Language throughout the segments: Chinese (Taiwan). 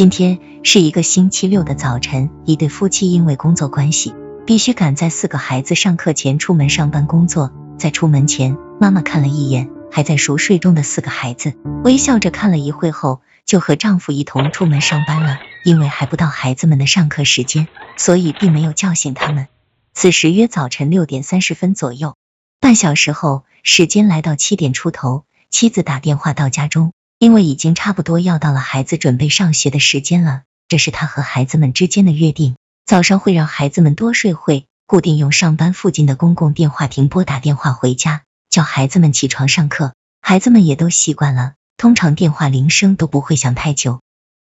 今天是一個星期六的早晨，一對夫妻因為工作關係，必須趕在四個孩子上課前出門上班工作。在出門前，媽媽看了一眼還在熟睡中的四個孩子，微笑着看了一會後，就和丈夫一同出門上班了。因為還不到孩子們的上課時間，所以並沒有叫醒他們。此時約早晨六點三十分左右，半小時後，時間來到七點出頭，妻子打電話到家中。因為已經差不多要到了孩子準備上學的時間了，這是他和孩子們之間的約定。早上會讓孩子們多睡會，固定用上班附近的公共電話亭撥打電話回家，叫孩子們起床上課。孩子們也都習慣了，通常電話鈴聲都不會響太久。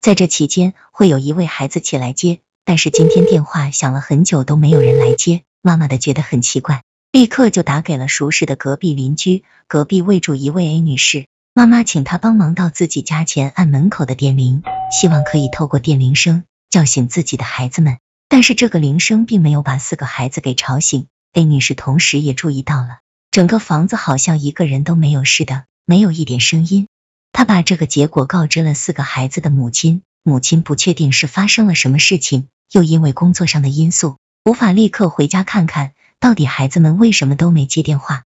在這期間，會有一位孩子起來接。但是今天電話響了很久都沒有人來接，媽媽的覺得很奇怪，立刻就打給了熟識的隔壁鄰居，隔壁位住一位 A 女士。媽媽請她幫忙到自己家前按門口的電鈴，希望可以透過電鈴聲叫醒自己的孩子們。但是這個鈴聲並沒有把四個孩子給吵醒。A 女士同時也注意到了，整個房子好像，一個人都沒有似的，沒有一點聲音。她把這個結果告知了四個孩子的母親，母親不確定是發生了什麼事情，又因為工作上的因素，無法立刻回家看看，到底孩子們為什麼都沒接電話。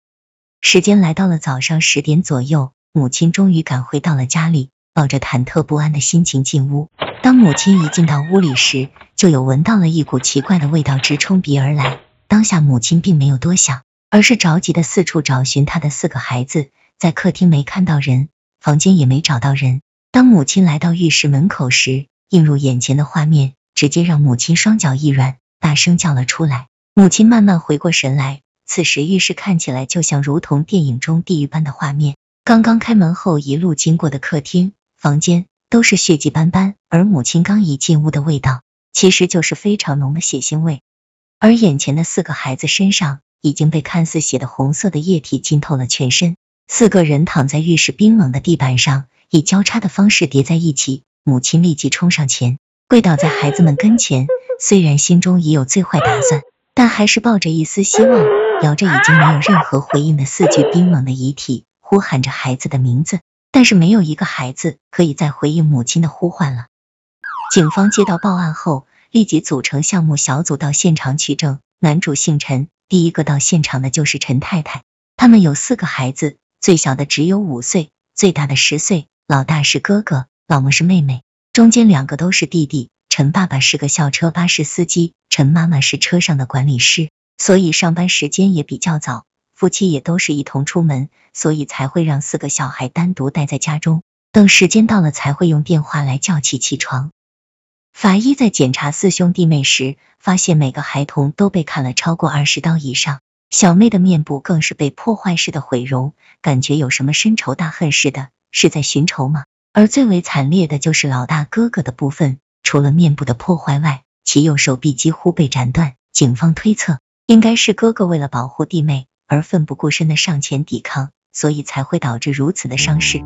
時間來到了早上十點左右。母親終於趕回到了家裡，抱着忐忑不安的心情進屋。當母親一進到屋裡時，就有聞到了一股奇怪的味道直衝鼻而來。當下母親並沒有多想，而是着急的四處找尋她的四個孩子。在客廳沒看到人，房間也沒找到人。當母親來到浴室門口時，映入眼前的畫面直接讓母親雙腳一軟，大聲叫了出來。母親慢慢回過神來，此時浴室看起來就像如同電影中地獄般的畫面。剛剛開門後，一路經過的客廳、房間都是血跡斑斑，而母親剛一進屋的味道，其實就是非常濃的血腥味。而眼前的四個孩子身上已經被看似血的紅色的液體浸透了全身，四個人躺在浴室冰冷的地板上，以交叉的方式疊在一起。母親立即衝上前，跪倒在孩子們跟前，雖然心中已有最壞打算，但還是抱着一絲希望，搖着已經沒有任何回應的四具冰冷的遺體。呼喊着孩子的名字，但是沒有一個孩子可以再回應母親的呼喚了。警方接到報案後，立即組成項目小組到現場取證。男主姓陳，第一個到現場的就是陳太太。他們有四個孩子，最小的只有五歲，最大的十歲。老大是哥哥，老麼是妹妹，中間兩個都是弟弟。陳爸爸是個校車巴士司機，陳媽媽是車上的管理師，所以上班時間也比較早。夫妻也都是一同出門，所以才會讓四個小孩單獨待在家中，等時間到了才會用電話來叫其起，起床。法醫在檢查四兄弟妹時，發現每個孩童都被砍了超過二十刀以上，小妹的面部更是被破壞式的毀容，感覺有什麼深仇大恨似的，是在尋仇嗎？而最為慘烈的就是老大哥哥的部分，除了面部的破壞外，其右手臂幾乎被斬斷。警方推測，應該是哥哥為了保護弟妹，而奮不顧身地上前抵抗，所以才會導致如此的傷勢。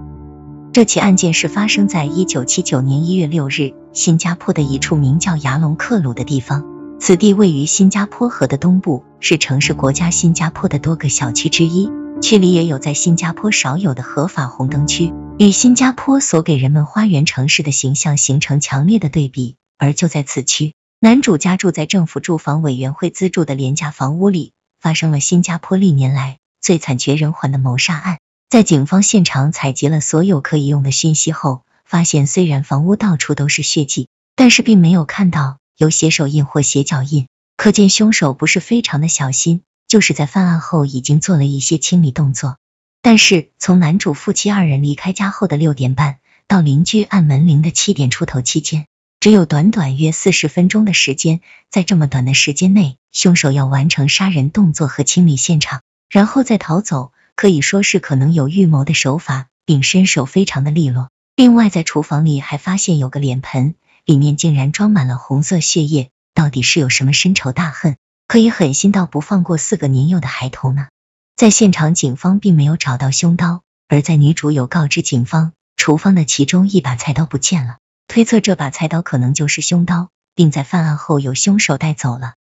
這起案件是發生在一九七九年一月六日，新加坡的一處名叫牙龍克魯的地方。此地位於新加坡河的東部，是城市國家新加坡的多個小區之一。區裡也有在新加坡少有的合法紅燈區，與新加坡所給人們“花園城市”的形象形成強烈的對比。而就在此區，男主家住在政府住房委員會資助的廉價房屋裡。發生了新加坡歷年來最慘絕人寰的謀殺案。在警方現場採集了所有可以用的訊息後，發現雖然房屋到處都是血跡，但是並沒有看到有血手印或血腳印，可見兇手不是非常的小心，就是在犯案後已經做了一些清理動作。但是從男主夫妻二人離開家後的六點半，到鄰居按門鈴的七點出頭期間，只有短短約四十分鐘的時間，在這麼短的時間內，兇手要完成殺人動作和清理現場，然後再逃走，可以說是可能有預謀的手法，並身手非常的利落。另外，在廚房裡還發現有個臉盆，裡面竟然裝滿了紅色血液，到底是有什麼深仇大恨，可以狠心到不放過四個年幼的孩童呢？在現場，警方並沒有找到兇刀，而在女主有告知警方，廚房的其中一把菜刀不見了。推測這把菜刀可能就是兇刀，並在犯案後由兇手帶走了。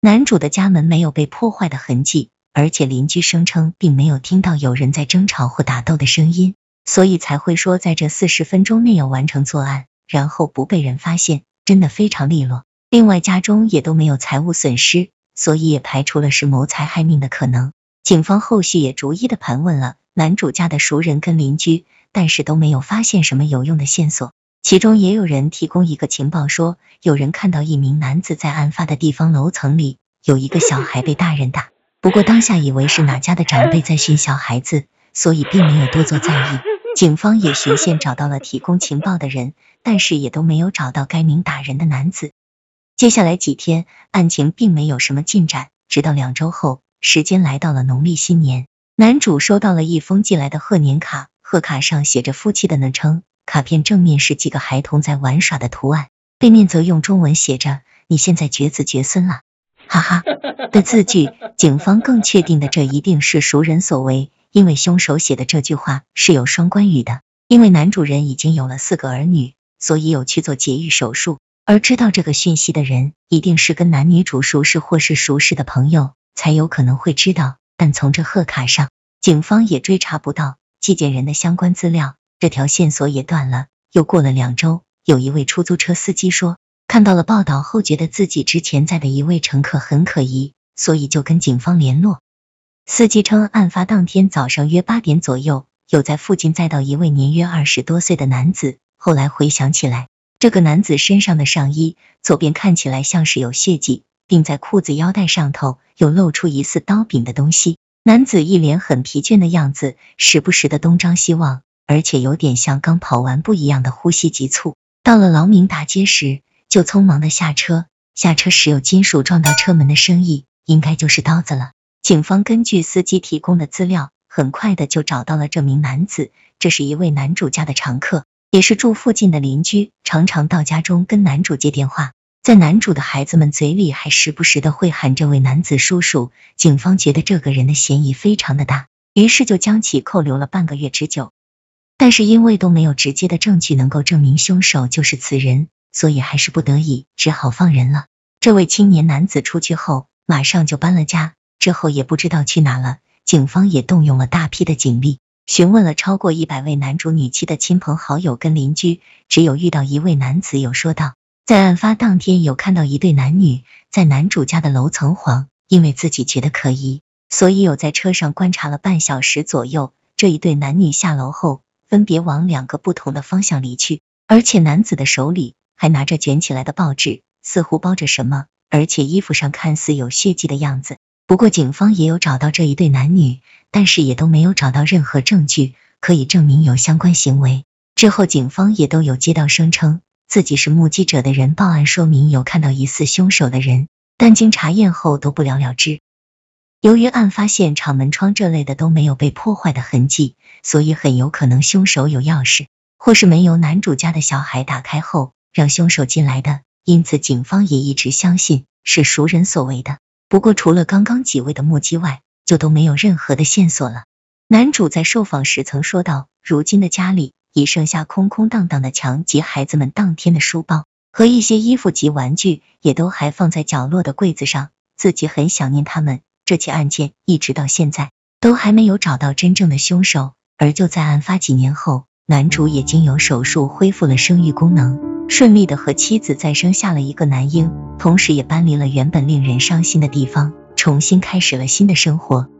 男主的家門沒有被破壞的痕跡，而且鄰居聲稱並沒有聽到有人在爭吵或打鬥的聲音，所以才會說在這四十分鐘內要完成作案，然後不被人發現，真的非常利落。另外，家中也都沒有財物損失，所以也排除了是謀財害命的可能。警方後續也逐一的盤問了男主家的熟人跟鄰居，但是都沒有發現什麼有用的線索。其中也有人提供一個情報說，說有人看到一名男子在案發的地方樓層裡有一個小孩被大人打，不過當下以為是哪家的長輩在訓小孩子，所以並沒有多做在意。警方也循線找到了提供情報的人，但是也都沒有找到該名打人的男子。接下來幾天，案情並沒有什麼進展，直到兩周後，時間來到了農曆新年，男主收到了一封寄來的賀年卡，賀卡上寫着夫妻的昵稱。卡片正面是幾個孩童在玩耍的圖案，背面則用中文寫着“你現在絕子絕孫了，哈哈”的字句。警方更確定的，這一定是熟人所為，因為兇手寫的這句話是有雙關語的。因為男主人已經有了四個兒女，所以有去做節育手術。而知道這個訊息的人，一定是跟男女主熟識或是熟識的朋友，才有可能會知道。但從這賀卡上，警方也追查不到寄件人的相關資料。這條線索也斷了。又過了兩周，有一位出租車司機說，看到了報道後，覺得自己之前載的一位乘客很可疑，所以就跟警方聯絡。司機稱，案發當天早上約八點左右，有在附近載到一位年約二十多歲的男子。後來回想起來，這個男子身上的上衣左邊看起來像是有血跡，並在褲子腰帶上頭又露出疑似刀柄的東西。男子一臉很疲倦的樣子，時不時的東張西望。而且有點像剛跑完步一樣的呼吸急促。到了勞明達街時，就匆忙的下車。下車時有金屬撞到車門的聲音，應該就是刀子了。警方根據司機提供的資料，很快的就找到了這名男子。這是一位男主家的常客，也是住附近的鄰居，常常到家中跟男主接電話。在男主的孩子們嘴裡，還時不時的會喊這位男子叔叔。警方覺得這個人的嫌疑非常的大，於是就將其扣留了半個月之久。但是因為都沒有直接的證據能夠證明兇手就是此人，所以還是不得已只好放人了。這位青年男子出去後，馬上就搬了家，之後也不知道去哪了。警方也動用了大批的警力，詢問了超過一百位男主女妻的親朋好友跟鄰居，只有遇到一位男子有說道，在案發當天有看到一對男女在男主家的樓層晃，因為自己覺得可疑，所以有在車上觀察了半小時左右。這一對男女下樓後，分別往兩個不同的方向離去，而且男子的手裡還拿着捲起來的報紙，似乎包着什麼，而且衣服上看似有血跡的樣子。不過警方也有找到這一對男女，但是也都沒有找到任何證據可以證明有相關行為。之後警方也都有接到聲稱自己是目擊者的人報案，說明有看到疑似兇手的人，但經查驗後都不了了之。由於案發現場門窗這類的都沒有被破壞的痕迹，所以很有可能凶手有鑰匙，或是門由男主家的小孩打開後讓凶手進來的。因此，警方也一直相信是熟人所為的。不過，除了剛剛幾位的目擊外，就都沒有任何的線索了。男主在受訪時曾說道：“如今的家裡已剩下空空荡荡的牆及孩子們當天的書包和一些衣服及玩具，也都還放在角落的櫃子上，自己很想念他們。”這起案件一直到現在都還沒有找到真正的兇手，而就在案發幾年後，男主也經由手術恢復了生育功能，順利的和妻子再生下了一個男嬰，同時也搬離了原本令人傷心的地方，重新開始了新的生活。